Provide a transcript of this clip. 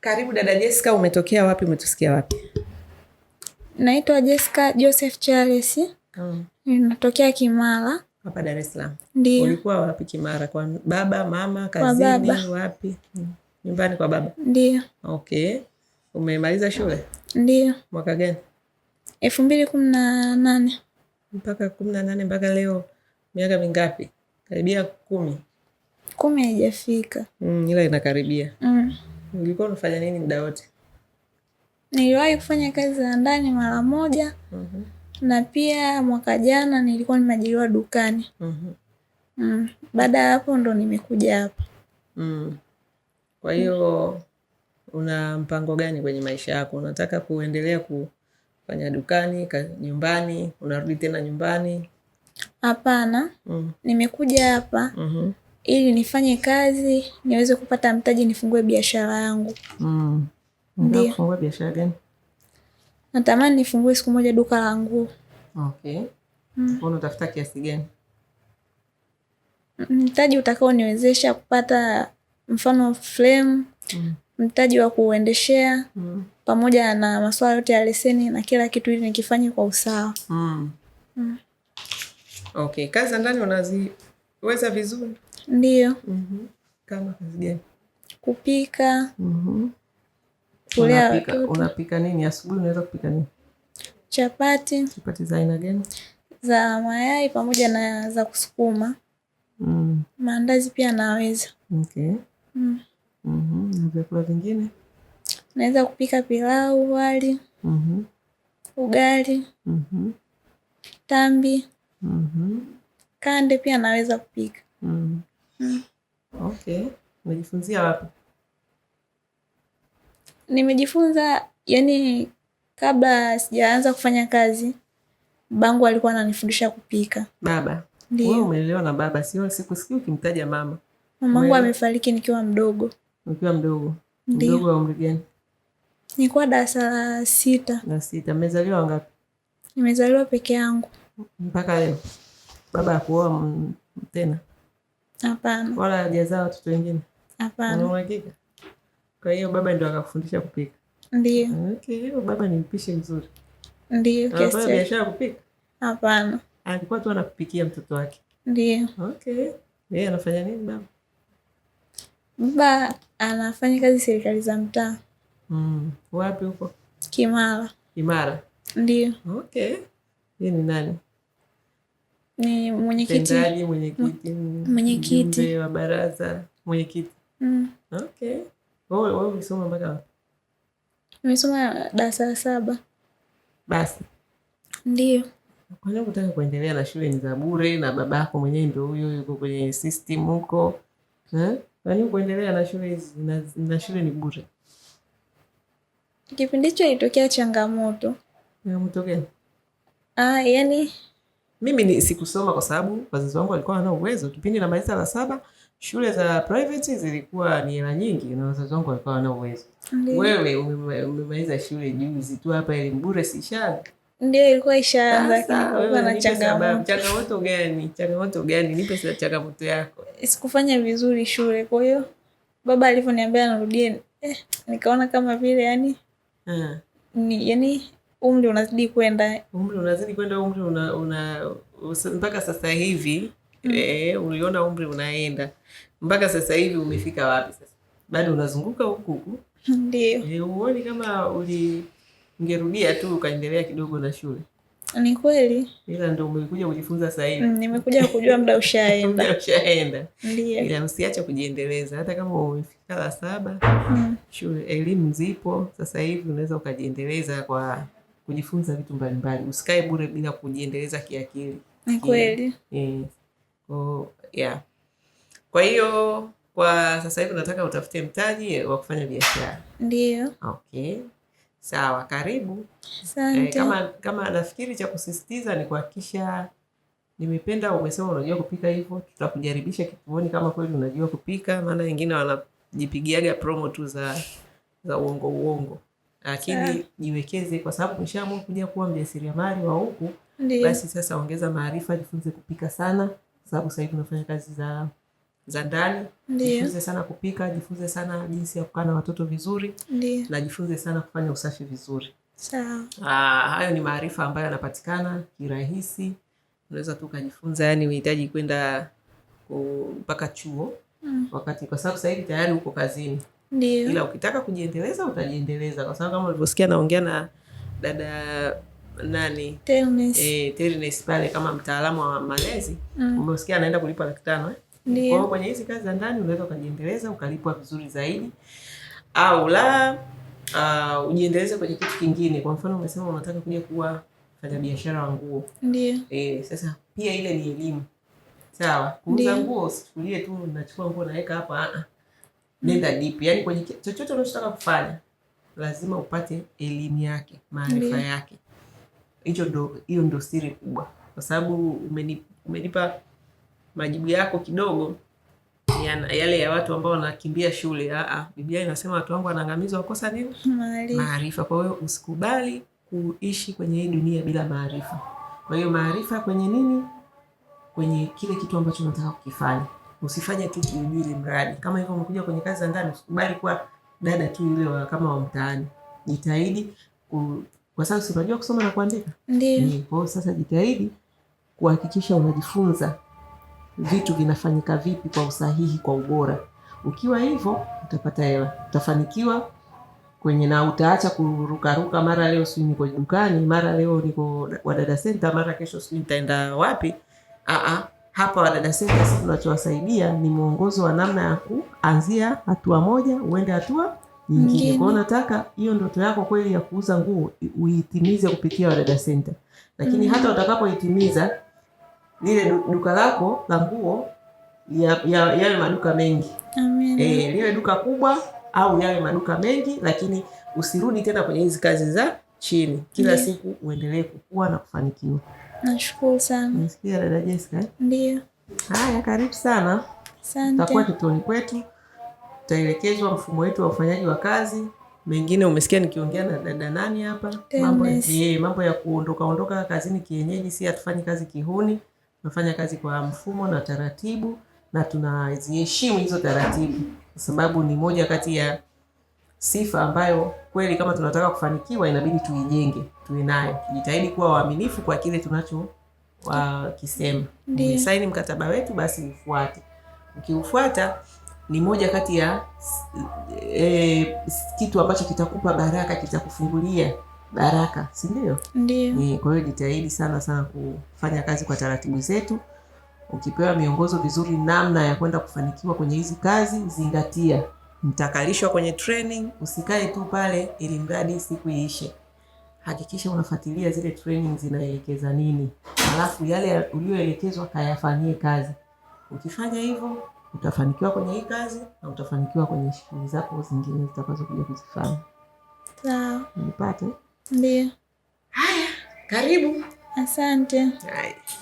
Karibu dada Jessica, umetokea wapi? Umetusikia wapi? Naitwa Jessica Joseph Charles. Mm. Natokea Kimara hapa Dar es Salaam. Ndio. Ulikuwa wapi Kimara? Kwa baba, mama, kazini, baba? Wapi? Mm. Nyumbani kwa baba. Ndio. Okay. Umemaliza shule? Ndio. Mwaka gani? elfu mbili kumi na nane mpaka kumi na nane mpaka leo, miaka mingapi? Karibia kumi. Kumi haijafika. Mm, ila inakaribia. Mm. Ulikuwa unafanya nini muda wote? Niliwahi kufanya kazi za ndani mara moja. mm -hmm. Na pia mwaka jana nilikuwa nimeajiriwa dukani. mm -hmm. Mm. Baada ya hapo ndo nimekuja hapa. mm. Kwa hiyo mm. una mpango gani kwenye maisha yako? Unataka kuendelea kufanya dukani ka, nyumbani unarudi tena nyumbani? Hapana. mm. Nimekuja hapa mm -hmm ili nifanye kazi niweze kupata mtaji nifungue biashara yangu. Mm. biashara gani? Natamani nifungue siku moja duka la nguo. Okay. Mm. Unatafuta kiasi gani? Mtaji utakao niwezesha kupata mfano frame, mm. mtaji wa kuuendeshea mm. pamoja na masuala yote ya leseni na kila kitu ili nikifanye kwa usawa. Mm. Mm. Okay, kazi za ndani unaziweza vizuri? Ndiyo. Mhm. Kama kazi gani? Kupika. Mhm. Kulea watoto. unapika nini? Asubuhi unaweza kupika nini? Chapati. Chapati za aina gani? Za mayai pamoja na za kusukuma. Mm. Maandazi pia naweza. Okay. Mm. Mhm. Na vyakula vingine? Naweza kupika pilau, wali. Mhm. Ugali. Tambi. Kande pia naweza kupika. Mm. Mm. Okay. Umejifunzia wapi? Nimejifunza yani, kabla sijaanza kufanya kazi, bangu alikuwa ananifundisha kupika. Baba wewe na baba, sio sikusikii ukimtaja mama. Mamangu amefariki nikiwa mdogo. Ukiwa mdogo? Ndiyo. Mdogo wa umri gani? Nilikuwa darasa la sita. La sita. Mmezaliwa wangapi? Nimezaliwa peke yangu. Mpaka leo baba akuoa tena? Hapana. Wala hajazaa watoto wengine? Hapana. Una Kwa hiyo baba ndio akafundisha kupika? Ndio. Okay, hiyo baba ni mpishi mzuri? Ndio. Anafanya biashara kupika? Hapana. Alikuwa tu anakupikia mtoto wake? Ndio. Okay. Yeye anafanya nini baba? Baba anafanya kazi serikali za mtaa. Mm. Wapi huko? Kimara. Kimara? Ndio. Okay. Yeye ni nani? ni mwenyekiti mwenyekiti wa baraza mwenyekiti. Mm. Okay, mpaka wapi? darasa la saba. Basi ndio kwanza kutaka kuendelea na shule ni za bure, na baba yako mwenyewe ndio huyo yuko kwenye system huko eh? kuendelea na shule hizi na, na shule ni bure? Kipindi hicho ilitokea changamoto. Changamoto gani? Ah, yani mimi ni sikusoma kwa sababu wazazi wangu walikuwa wana uwezo. Kipindi na namaliza la saba, shule za private zilikuwa ni hela nyingi, na wazazi wangu walikuwa wana uwezo. Wewe umemaliza shule juzi tu hapa, elimu bure si shanga ndio ilikuwa ishaanza, lakini changamoto. Changamoto gani? Changamoto gani? Nipe sasa changamoto yako. Sikufanya vizuri shule, kwa hiyo baba alivyoniambia narudie eh, nikaona kama vile yani, uh, ni yani umri unazidi kwenda, umri unazidi kwenda, umri una, una mpaka sasa hivi mm. E, uliona umri unaenda mpaka sasa hivi umefika wapi sasa? Bado unazunguka huku huku, ndio e, eh, uoni kama uli ngerudia tu ukaendelea kidogo na shule. Ni kweli, ila ndo umekuja kujifunza sasa hivi. Mm, nimekuja kujua muda ushaenda, muda ushaenda. Ndio, ila msiache kujiendeleza, hata kama umefika la saba mm. shule, elimu zipo sasa hivi, unaweza ukajiendeleza kwa kujifunza vitu mbalimbali, usikae bure bila kujiendeleza kiakili. Ni kweli. Oh, yeah. Kwa hiyo kwa sasa hivi nataka utafute mtaji wa kufanya biashara. Ndio. Okay. Sawa, karibu. Asante. Eh, kama kama nafikiri cha kusisitiza ni kuhakikisha nimependa umesema unajua kupika hivyo, tutakujaribisha kituoni kama kweli unajua kupika, maana wengine wanajipigiaga promo tu za za uongo uongo lakini jiwekeze, eh. kwa sababu umeshaamua kuja kuwa mjasiriamali wa huku, basi sasa ongeza maarifa, jifunze kupika sana, kwa sababu sasa hivi unafanya kazi za za ndani. Jifunze sana kupika, jifunze sana jinsi ya kukaa na watoto vizuri. Ndiyo. na jifunze sana kufanya usafi vizuri. Sawa. Ah, hayo ni maarifa ambayo yanapatikana kirahisi, unaweza tu ukajifunza, yani unahitaji kwenda mpaka chuo mm. wakati kwa sababu sasa hivi tayari uko kazini Ndiyo. Ila ukitaka kujiendeleza utajiendeleza, kwa sababu kama ulivyosikia naongea na dada nani e, pale kama mtaalamu wa malezi mm. Umesikia anaenda kulipa laki tano eh? Kwa kwenye hizi kazi za ndani unaweza ukajiendeleza ukalipwa vizuri zaidi, au la uh, ujiendeleze kwenye kitu kingine. Kwa mfano umesema unataka kuja kuwa biashara wa nguo E, sasa pia ile ni elimu sawa. Kuuza nguo usichukulie tu nachukua nguo naweka hapa nenda deep, yani kwenye chochote unachotaka kufanya lazima upate elimu yake, maarifa yake. Hicho ndo, hiyo ndo siri kubwa, kwa sababu umenipa, majibu yako kidogo yana, yale ya watu ambao wanakimbia shule. Aa, Biblia inasema watu wangu wanaangamizwa wakosa nini? Maarifa. Kwa hiyo usikubali kuishi kwenye hii dunia bila maarifa. Kwa hiyo maarifa kwenye nini? Kwenye kile kitu ambacho unataka kukifanya. Usifanye tu kiujuri mradi kama hivyo. Umekuja kwenye kazi za ndani, usikubali kuwa dada tu yule kama wa mtaani. Jitahidi kwa sababu si unajua kusoma na kuandika, ndio mm, kwa hiyo sasa. Jitahidi kuhakikisha unajifunza vitu vinafanyika vipi kwa usahihi, kwa ubora. Ukiwa hivyo utapata hela, utafanikiwa kwenye na utaacha kurukaruka, mara leo sijui niko dukani, mara leo niko Wadada Center, mara kesho sijui nitaenda wapi. Aa, ah, ah hapa Wadada Senta sisi tunachowasaidia ni mwongozo wa namna ya kuanzia hatua moja uende hatua nyingine. Kwa hiyo nataka hiyo ndoto yako kweli ya kuuza nguo uitimize kupitia Wadada Senta, lakini mm -hmm. hata mm-hmm. utakapoitimiza lile duka lako la nguo yawe ya, ya maduka mengi e, liwe duka kubwa au yawe maduka mengi, lakini usirudi tena kwenye hizi kazi za chini. Kila Ndiye. siku uendelee kukua na kufanikiwa. Nashukuru sana. dada Jessica. Eh? Ndio. Haya, karibu sana. Asante. Tutakuwa kituoni kwetu, tutaelekezwa mfumo wetu wa ufanyaji wa kazi. Mengine umesikia nikiongea na dada nani hapa, mambo ya eh, mambo ya kuondoka ondoka kazini kienyeji. Si hatufanyi kazi kihuni, tunafanya kazi kwa mfumo na taratibu, na tunaziheshimu hizo taratibu, kwa sababu ni moja kati ya sifa ambayo kweli kama tunataka kufanikiwa inabidi tuijenge, tuwe nayo. Tujitahidi kuwa waaminifu kwa kile tunacho kisema Umesaini mkataba wetu, basi ufuate. Ukiufuata ni moja kati ya e, kitu ambacho kitakupa baraka, kitakufungulia baraka, si ndio? Ndio. Kwa hiyo jitahidi sana sana kufanya kazi kwa taratibu zetu. Ukipewa miongozo vizuri namna ya kwenda kufanikiwa kwenye hizi kazi, zingatia mtakalishwa kwenye training. Usikae tu pale ili mradi siku iishe, hakikisha unafuatilia zile training zinaelekeza nini, alafu yale uliyoelekezwa kayafanyie kazi. Ukifanya hivyo utafanikiwa kwenye hii kazi na utafanikiwa kwenye shughuli zako zingine zitakazokuja kuzifanya. Sawa, nipate? Ndio. Haya, karibu. Asante. Hai.